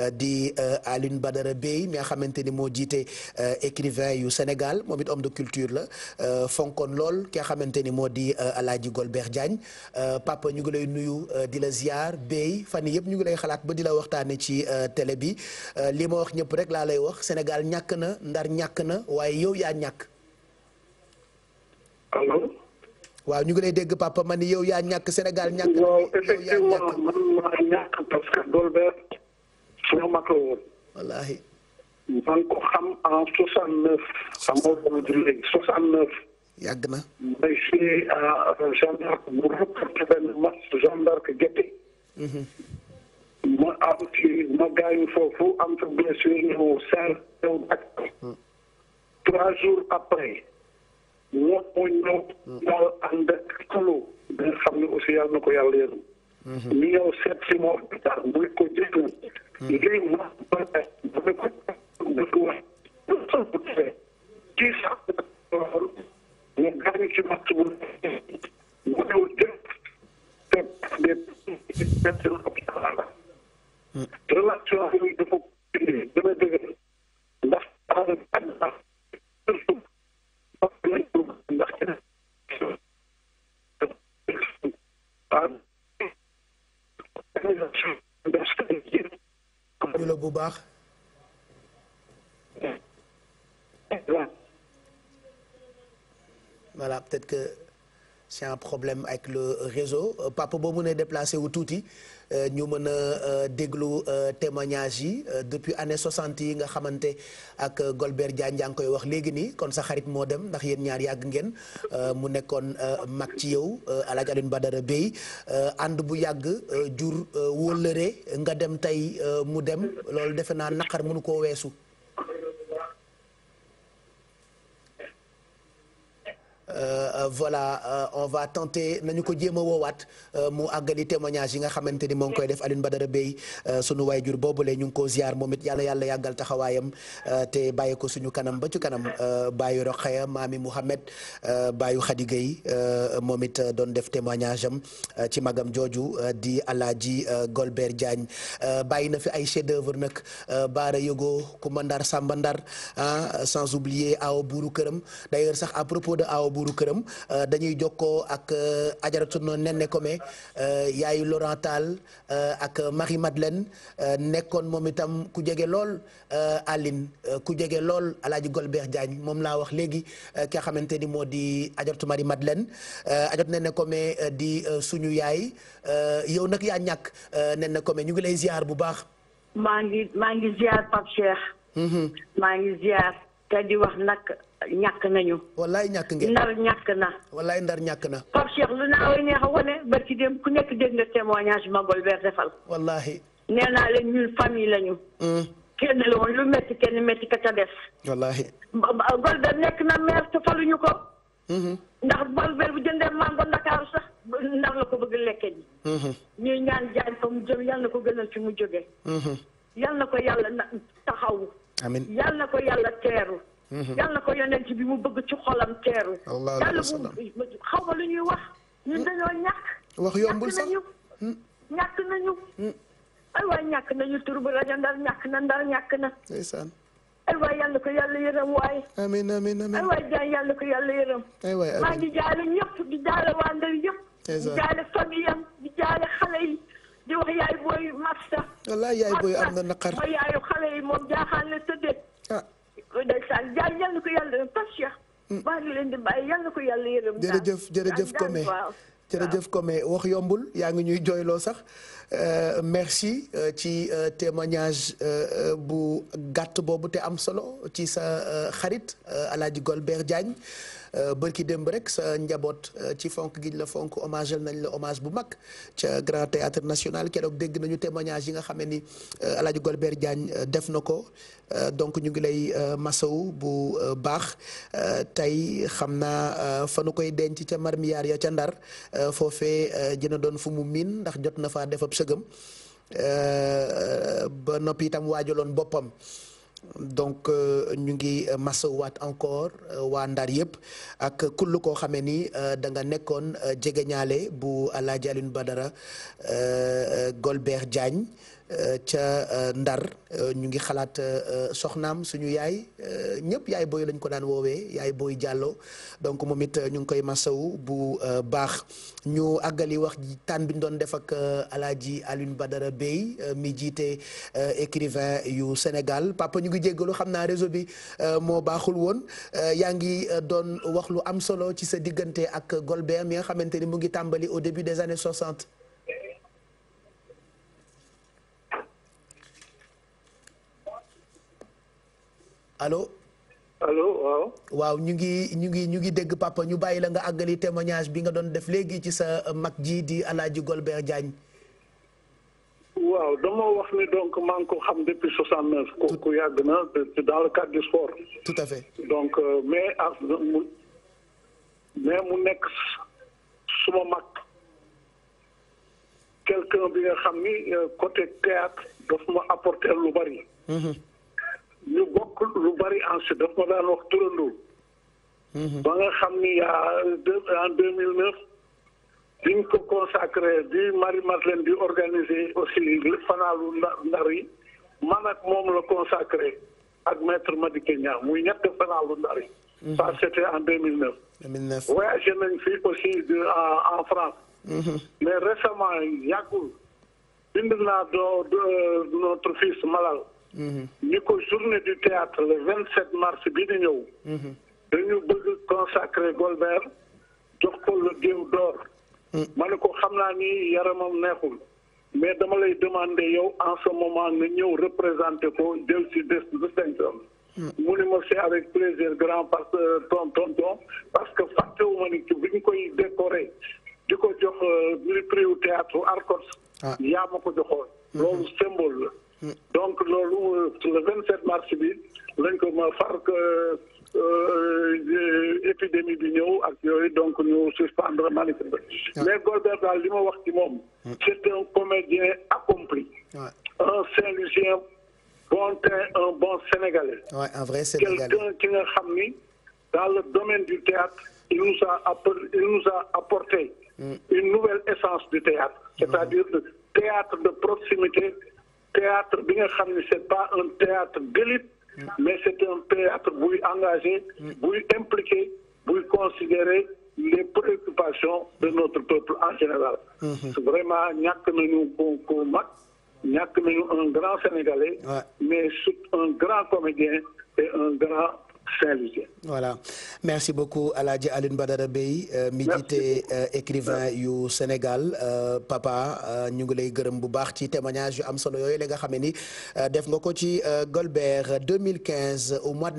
Euh, di euh, Alioune Badara Bey mi nga xamante ni moo jiite euh, écrivain yu Sénégal moom it homme de culture la fonkon lool ki nga xamante ni moo di Alaaji Golbert Diagne papa ñu ngi lay nuyu di la ziar Bey fan yii yëpp ñu ngi lay xalaat ba di la waxtaane ci télé bi li ma wax ñëpp rek laa lay wax Sénégal ñàkk na Ndar ñàkk na waaye yow yaa ñàkk. allo. waaw ñu ngi lay dégg papa man yow yaa ñàkk Sénégal ñàkk. yow yaa ñàkk mag la woon. ko xam en soixante neuf. xam nga boobu du léegi soixante neuf. yàgg na. may joué euh, à Jeanne d'Arc mu reporté benn match Jeanne d'Arc Guété. Mhm. ma am ci ma gaañu foofu am fa blessure ñëw serre ñëw trois jours après. Mhm. ñoo ko ñëw. daal ànd ak kolo. xam ne aussi yàlla ko yàlla yërëm. ñu ñëw seet si moom hôpital muy ko jënd. ngir mën a mën ko mën ko wax. kii sax ñu gaañu ci matt bu mu ñëw jënd te de hôpital la relation yi dafa bu baax. voilà peut c'est un problème avec le réseau euh, papa boo mënee déplacé wu tuuti euh, ñu mën a euh, déglu témoignage yi depuis année 60 yi nga xamante ak Golbert Diagne koy wax léegi nii kon sa xarit moo dem ndax yéen ñaar yàgg ngeen mu nekkoon mag ci yow Alaaji Alioune Badara Bèye ànd bu yàgg jur wóllëre nga dem tey mu dem loolu defe naa naqar mënu koo weesu Euh, euh, voilà euh, on va tenter nañu ko jéem a woowaat mu àggali témoignage yi nga xamante ni moo ngi koy def Alioune Badara Bey sunu waayjur boobule ñu ngi ko ziar moom it yàlla yàlla yàggal taxawaayam te bàyyi ko suñu kanam ba ci kanam baayu Rokhaya maami Mouhamed baayu xadigay Gueye moom it doon def témoignage am ci magam jooju di Alaaji Golbert Diagne bàyyi na fi ay chef d'oeuvre nag Baara Yogo Kumba Ndar Samba Ndar ah, sans oublier Awa Buuru Këram d'ailleurs sax à propos de Awa buuru këram euh, dañuy jokkoo ak euh, ajaratu Néné Komé euh, yaayu Laurent Tall ak Marie Madeleine nekkoon moom itam ku jege lool Aline ku jege lool Alaaji Golbert Diagne moom laa wax léegi ki nga xamante ni moo di ajaratu Marie Madeleine ajaratu Néné Komé di suñu yaay yow nag yaa ñàkk Néné Komé ñu ngi lay ziar bu baax. maa ngi maa ngi mm-hmm. maa ngi ziar. te di wax nag ñàkk nañu. wallaay ñàkk ngeen ndar ñàkk na. wallaay ndar ñàkk na. Pape Cheikh lu naa way neex a wane ba ci dem ku nekk dégg nga témoignage Mangol Ber defal. wallaahi. nee naa leen ñun famille lañu. Mm. kenn la woon lu métti kenn métti ka ca des. wallaahi. Golbert nekk na maire te faluñu ko. Mm-hmm. ndax Golbert bu jëndee mango Ndakaaru sax ndax la ko bëgg lekke ji. Mm-hmm. ñuy ñaan jaan fa mu jëm yal na ko gënal fi mu jógee. Mm-hmm. yal na ko yàlla taxaw. amiin yal na ko yàlla teeru. Mhm. yal na ko yonent bi mu bëgg ci xolam teeru. yàlla bu xaw ma lu ñuy wax. ñun dañoo ñàkk. wax yombul sax ñàkk nañu hmm. ñàkk hmm. ay waay ñàkk nañu tur bi rajo ndar ñàkk na ndar ñàkk na. ndeysaan. ay waay yàlla ko yàlla yërëm waay. amiin amiin amiin ay waay jaay yàlla ko yàlla yërëm. ay waay maa ngi jaale ñëpp di jaale waa Ndar yëpp. di jaale famille am di jaale xale yi. di wax yaay booy Masta. wallaay yaay am na naqar mooy yaayu xale yi moom jaaxaan la tëddee. ah ndeysaan jaay yal na ko yàlla yërëm tas ya. Mm. maa ngi leen di bàyyi yal na ko yàlla yërëm. jërëjëf jërëjëf comme wax yombul yaa ngi ñuy jooyloo sax euh, merci euh, ci euh, témoignage bu gàtt boobu te am solo ci sa xarit Alaaji Golbert Diagne ki démb rek sa njaboot ci fonk giñ la fonk hommage nañ la hommage bu mag ca Grand Théâtre National keroog dégg nañu témoignage yi nga xam ne ni Alaaji Golbert Diagne def na ko donc ñu ngi lay masawu bu baax tey xam naa fa nu koy denc ca marmiyaar ya ca Ndar Euh, foofee euh, dina doon fu mu miin ndax jot na fa def ab sëgam euh, ba noppi itam waajaloon boppam donc ñu ngi masawaat encore waa Ndar yëpp ak kull koo xamee ni da nga nekkoon jegeñaale bu Alaaji Alioune Badara golbeex Diagne Euh, ca euh, Ndar euh, ñu ngi xalaat soxnaam suñu yaay ñëpp yaay booy lañ ko daan woowee yaay booy jàlloo donc moom it ñu ngi koy masawu bu baax ñu àggali wax ji tànn bi ñu doon def ak alaaji Alioune Badara Bey mi jiite écrivain yu Sénégal papa ñu ngi jéggalu xam naa réseau bi moo baaxul woon yaa ngi doon wax lu am solo ci sa diggante ak Golbert mi nga xamante ni mu ngi tàmbali au début des années 60. allo. allo waaw. waaw ñu ngi ñu ngi ñu ngi dégg papa ñu bàyyi la nga àggali témoignage bi nga doon def léegi ci sa mag ji di Alaaji Golbert Diagne. waaw dama wax ni donc maa ngi ko xam depuis soixante neuf. ku yàgg na dans le cadre du sport. tout à fait donc euh, mais mais mu nekk suma mag. quelqu'un bi nga xam ni euh, côté théâtre daf ma apporter lu bari. Mm-hmm. ñu bokk lu bari ensuite daf ma daan wax turandoo. Mhm. ba nga xam ni en deux mille neuf biñ ko consacré bi Marie Madeleine di organiser aussi fanaalu ndar yi man ak moom la consacré ak maître Madické Niang muy ñett fanaalu ndar yi. Mhm. ça c'était en deux mille neuf. deux mille neuf voyagé nañ fii aussi en France. Mhm. mais récemment yàggul bind naa doo notre fils Malal. ni ko journée du théâtre le vingt sept mars bi di ñëw mhm. dañu bëgg consacrer Golbert jox ko le Géew d'or mhm. ma ne ko xam naa ni yaramam neexul mais dama lay demander yow en ce moment nga ñëw représenter ko jël ci des distinction mhm. mu ne ma c'est avec plaisir grand parce que ton tonton parce que fàttewuma ni bi ñu koy décorer di ko jox euh, prix wu théâtre Arcos ah. yaa ma ko joxoon loolu symbole donc loolu le 27 mars bi lañ ko ma far euh, euh, épidémie bi ñëw ak yooyu donc ñu suspendre manifeste mais Golbert daal li ma wax ci moom c'est un comédien accompli un Saint-Louisien bon teint un bon Sénégalais quelqu'un qui nga xam ni dans le domaine du théâtre il nous a apporté, il nous a mm. une nouvelle essence du théâtre c'est-à-dire le théâtre de proximité théâtre bi nga xam ne c'est pas un théâtre d'élite mais c'est un théâtre buy engagé buy impliqué buy considérer les préoccupations de notre peuple en général mm-hmm. vraiment ñàkk nañu ko ko mag ñàkk nañu un grand sénégalais mais surtout un grand comédien et un grand saint voilà merci beaucoup El Hadj alin Badara Bèye mi jiite écrivain yu Sénégal euh, papa euh, ñu ngi lay gërëm bu baax ci témoignage yu am solo yooyu la nga xam ne ni euh, def nga ko ci Golbert 2015 au mois de